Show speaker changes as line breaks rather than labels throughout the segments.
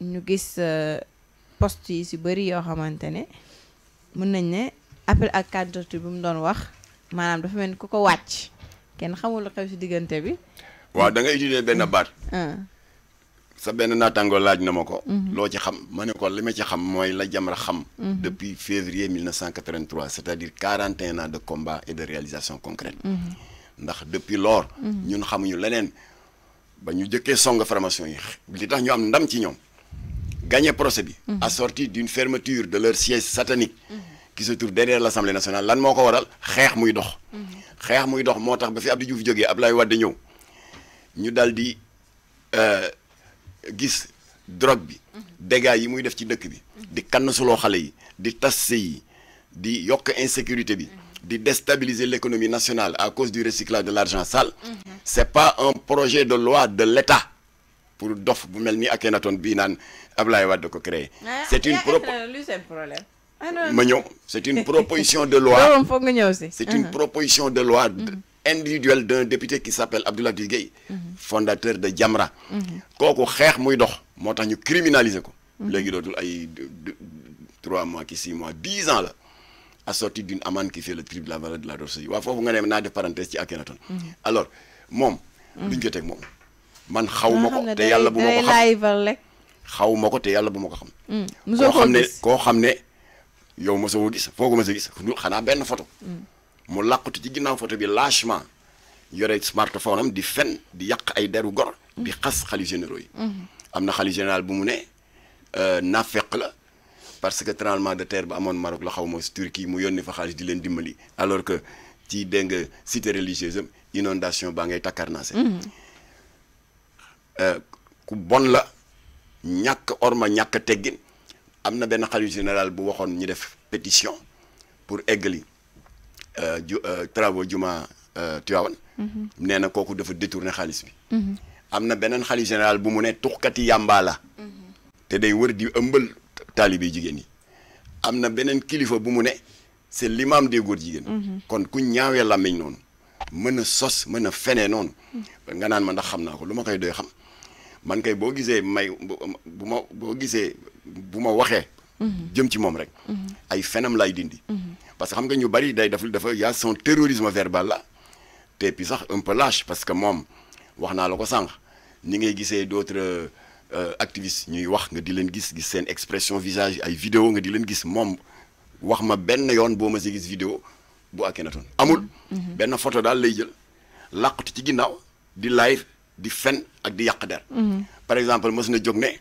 ñu gis euh, poste yi si bëri yoo xamante ne mën nañ ne appel ak candidature bi mu doon wax maanaam dafa mel ku ko wàcc kenn xamul xew si diggante bi.
waaw da ngay utiliser benn mm. baat. Ah. sa benn naataango laaj na ma ko. Mm-hmm. loo ci xam ma ne ko li ma ci xam mooy la Jamra xam. Mm-hmm. depuis février 1983 c'est-à-dire 41 ans de combat et de réalisation concrète.
Mm-hmm.
ndax depuis lor ñun xamuñu leneen ba ñu jëkkee song formation yi li tax ñu am ndam ci ñoom. gagné procès bi. sorti d'une fermeture de leur siège satanique. qui se trouve derrière l'Assemblée nationale lan moko waral xex muy dox. xex muy dox motax ba fi Abdou Diouf jógee ablaye Wade ñew ñu daldi di euh, gis drogue bi. dégâts yi muy def ci dëkk bi. di su lo xalé yi di tassé yi di yok insécurité bi. de déstabiliser l'économie nationale à cause du recyclage de l'argent sale. Mm -hmm. c'est pas un projet de loi de l'État pour dof bu melni akenaton bi nan naan Ablaye Wade ko créer ah, ah, c'est une ah, pro ma ñëw c'est une proposition de loi c'est une proposition de loi mm-hmm. individuelle d'un député qui s'appelle Abdoulaye Gueye mm-hmm. fondateur de Jamra mm-hmm. koku xex muy dox motax ñu criminaliser ko légui dotul ay 3 mois ki six mois 10 ans la assorti d'une amende qui fait le triple de la valeur de la ressource wa fofu nga ne na de parenthèse ci akenaton alors mom luñ ko ak mom man xawmako te yàlla bu moko
xam
xawmako te yàlla bu moko xam. ko xamne ko xamne yow ma sawu gis foo ma mos gis ñu xana ben photo. mu làqatu ci ginnaaw photo bi lâchement yore smartphone am di fen di yàq ay deru gor. di xass xali généraux yi. amna xali général bu mu ne euh nafiq la. parce que tremblement de terre ba amone Maroc la xawmo ma Turquie mu yoni fa xali di len dimbali alors que ci deng cité religieuse inondation ba ngay takkarnaase. Euh, ku bon la ñàkk orma ñàkk teggin am na benn xalifa général bu waxoon ñu def pétition pour eggali euh, ju euh, travaux juma Tivaouane mm-hmm. nee na kooku dafa détourné xaalis bi mm-hmm. am na beneen xalifa général bu mu ne tuxkati yàmbaa la mm-hmm. te day wër di ëmbal taalibe jigéen yi am na beneen kilifa bu mu ne c'est l'imam des góor jigéen kon ku ñaawee làmmiñ noonu mën a sos mën a fenee noonu nga naan ma ndax xam naa ko lu ma koy doy xam man kay boo gisee may bu ma boo gisee bu ma waxee. Mhm. jëm ci moom rek. Mhm. ay fenam lay dindi. Mhm. parce que xam nga ñu bari day def dafa y a son terrorisme verbal la te puis sax un peu lâche parce que moom wax naa la ko sànq ni ngay gisee d'autres euh, activistes ñuy wax nga di leen gis gis seen expression visage ay vidéo nga di leen gis moom wax ma benn yoon boo ma si gis vidéo bu Akhenaton amul. benn photo daal lay jël làqatu ci ginnaaw di lay di fen ak di mhm. par exemple moi na jóg ne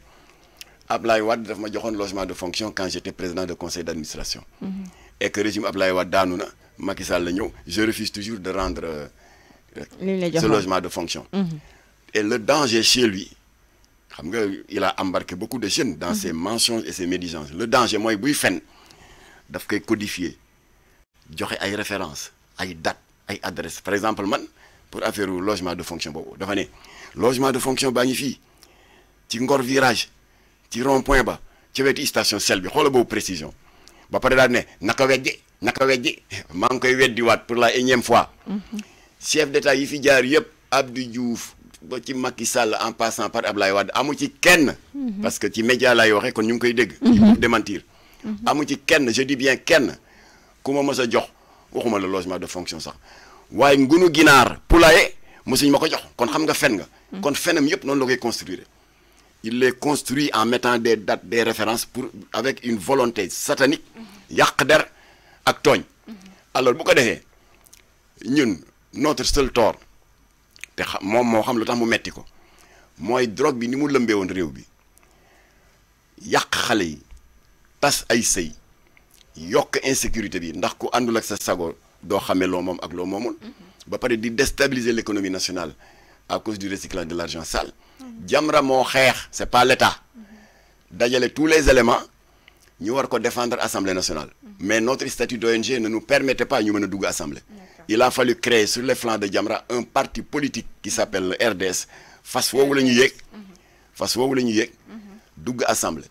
Ablaye Wade daf ma joxoon logement de fonction quand j'étais président de conseil d'administration mhm. et que régime Ablaye Wade je refuse toujours de rendre euh, ce logement de fonction mhm. et le danger chez lui il a embarqué beaucoup de jeunes dans ses mensonges et ses médisances le danger mooy buy fen daf koy codifier joxe ay références ay dates ay adresses par exemple man pour affaire logement de fonction bobo. dafa né logement de fonction baa ngi encore ci Ngor virage ci rond point ba ci wetu station sel bi xol boobu précision ba paré da né naka weddi naka weddi maa ngi koy wat pour la énième fois chef d'état yi fi jaar yépp Abdou Diouf ba ci Macky Sall en passant par Ablaye Wade amu ci kenn parce que ci média la la kon ñu ngi koy dégg mhm. démentir amu ci kenn je dis bien kenn kuma mësa jox waxuma le logement de fonction sax waaye ngunu ginaar poulailler mosuñ ma ko jox kon xam nga fen nga kon fenam yëpp noonu la koy construire il les construit en mettant des dates des références pour avec une volonté satanique yàq der ak tooñ alors bu ko defee ñun notre seul tort te xam moom moo xam lu tax mu metti ko mooy drogue bi ni mu lëmbee woon bi yàq xale yi tas ay sëy yokk insécurité bi ndax ku àndul ak sa sago il xamee mhm. déstabiliser l'économie nationale à cause du recyclage de l'argent sale. Mhm. Jamra mo ce c'est pas l'État mhm. D'ailleurs, tous les éléments ñu war défendre l'Assemblée nationale. mais notre statut d'ONG ne nous permettait pas de nous assemblée. il a fallu créer sur les flancs de Jamra un parti politique qui s'appelle le RDS Face à lañu face assemblée.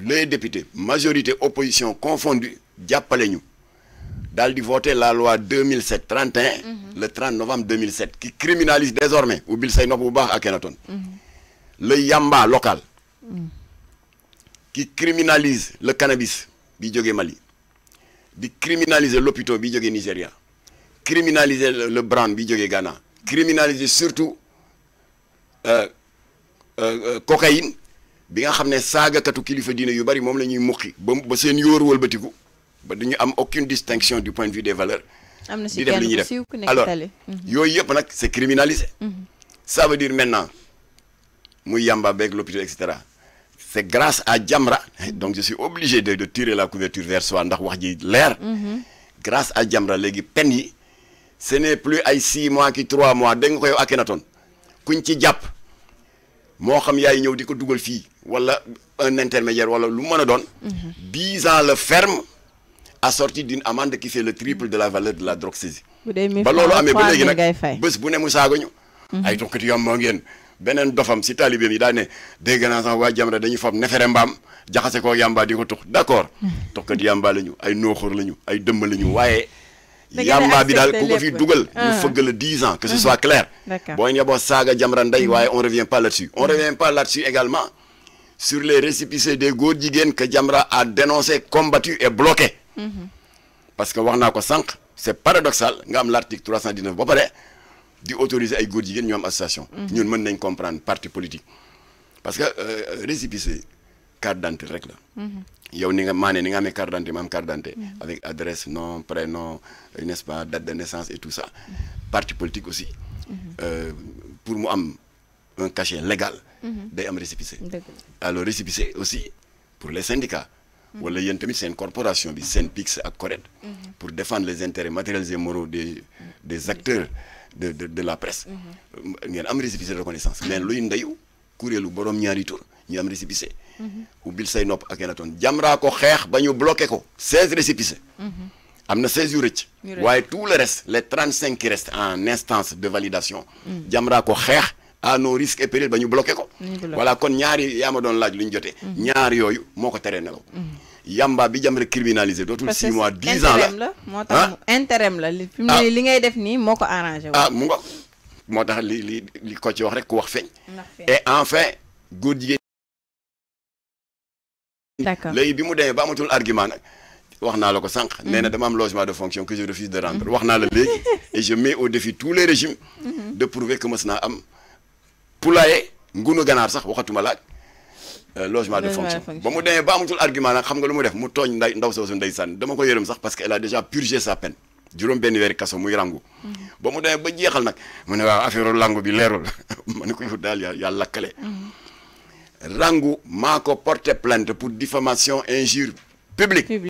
les députés majorité opposition confondue daal di voté la loi 2007 31 mhm. le 30 novembre 2007 qui criminalise désormais ubbil say bu mhm. le yamba local mhm. qui criminalise le cannabis bi Mali de criminaliser l'hôpital bi nigeria criminaliser le brand bi Ghana criminaliser surtout euh, euh, euh, cocaïne bi nga que les kilifa qui yu bari la ñuy ba du am aucune distinction du point de vue des valeurs.
am na si kenn ku siiw ku nekk alors mhm.
yooyu yëpp nag c' est criminalisé. Mhm. ça veut dire maintenant muy yamba beeg l'hôpital et cetera c' est grâce à Jamra donc je suis obligé de de tirer la couverture vers soi ndax wax ji leer. Mhm. grâce à Jamra léegi peine yi ce n'est plus ay 6 mois qui 3 mois dégg nga ko yow Akhenaton kuñ ci jàpp moo xam yaay ñëw di ko dugal wala un intermédiaire wala lu mën a doon. 10 ans la ferme assorti d'une amende qui fait le triple de la valeur de la drogue saisie.
ba loolu amee ba léegi nag
bés bu né mu saago mhm. ay tukkati yom mo ngeen benen dofam ci talibé mi da ne dégg naa sax waa Jamra dañu fam nefere mbaam jaxassé ko yamba diko ko d'accord d' yamba lañu ay noxor lañu ay dëmm lañu mhm. wayé yamba bi dal ko fi dugal. ñu ah. fëgg 10 ans que ce mhm. soit clair. d' accord boo ñëwoo Jamra nday wayé on revient pas là-dessus. on revient pas là-dessus également sur les récépissés des góor que Jamra a dénoncé combattu et bloqué parce que c'est ko paradoxal nga am l'article 319 ba paré di autoriser ay góor jigéen ñu am association. Mhm. ñun mën nañ comprendre parti politique. parce que euh, récépissé carte d'identité, une rek la. Mhm. yow ni nga mané ni nga carte d'identité, carte mhm. avec adresse nom prénom euh, nest ce pas date de naissance et tout ça. parti politique aussi. Euh, pour moi, am un cachet légal. day am récépissé. alors récépissé aussi pour les syndicats wala y tamit une corporation bi pix ak corée pour défendre les intérêts matériels et moraux des des acteurs de de de la presse. a am récépissé de reconnaissance mais luy ndeyu kuréelu borom ñaari tur ñu am récépissé. ubbil say nopp ak Akhenaton Jamra ko xeex ba ñu bloqué ko. 16 récépissés. am na 16 yu rëcc. tout le reste les 35 qui restent en instance de validation. Jamra ko xeex. à nos risques et périls ba ñu bloqué ko. voilà kon ñaari yaa ma doon laaj lu ñu jotee. Mm-hmm. ñaar yooyu moo ko teree nelaw. Mm-hmm yamba bi criminaliser. criminalisé dootul 6 mois 10 ans la
la moo hein? intérim la li ah. li ngay def ni moko ko arrangé ah
mu nga li li li ko ci wax rek ku wax feñ et enfin góor d'accord léegi bi mu demee ba amatul argument nag wax naa la ko mm-hmm. dama am logement de fonction que je refuse de rendre wax naa la léegi mm-hmm. et je mets au défi tous les régimes
mm-hmm. de
prouver que mës am poulailler ngounou ganar sax waxatuma laaj logement de fonction Bon, il argument xam nga parce qu'elle a déjà purgé sa peine Durant ben weeri kaso muy rangu mhm. ba mu a ba affaire langu bi ko a mhm. plainte pour diffamation injure publique